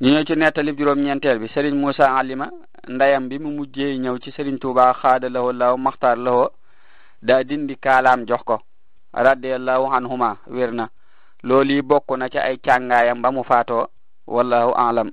ñu ñëw ci nettalib juróom-ñeenteel bi Serigne Moussa Alima ndeyam bi mu mujjee ñëw ci Serigne Touba xaada lawo law maxtaar lawo daa dindi kaalaam jox ko radiallahu anhuma wér na loolu yi bokk na ci ay càngaayam ba mu faatoo wallahu alam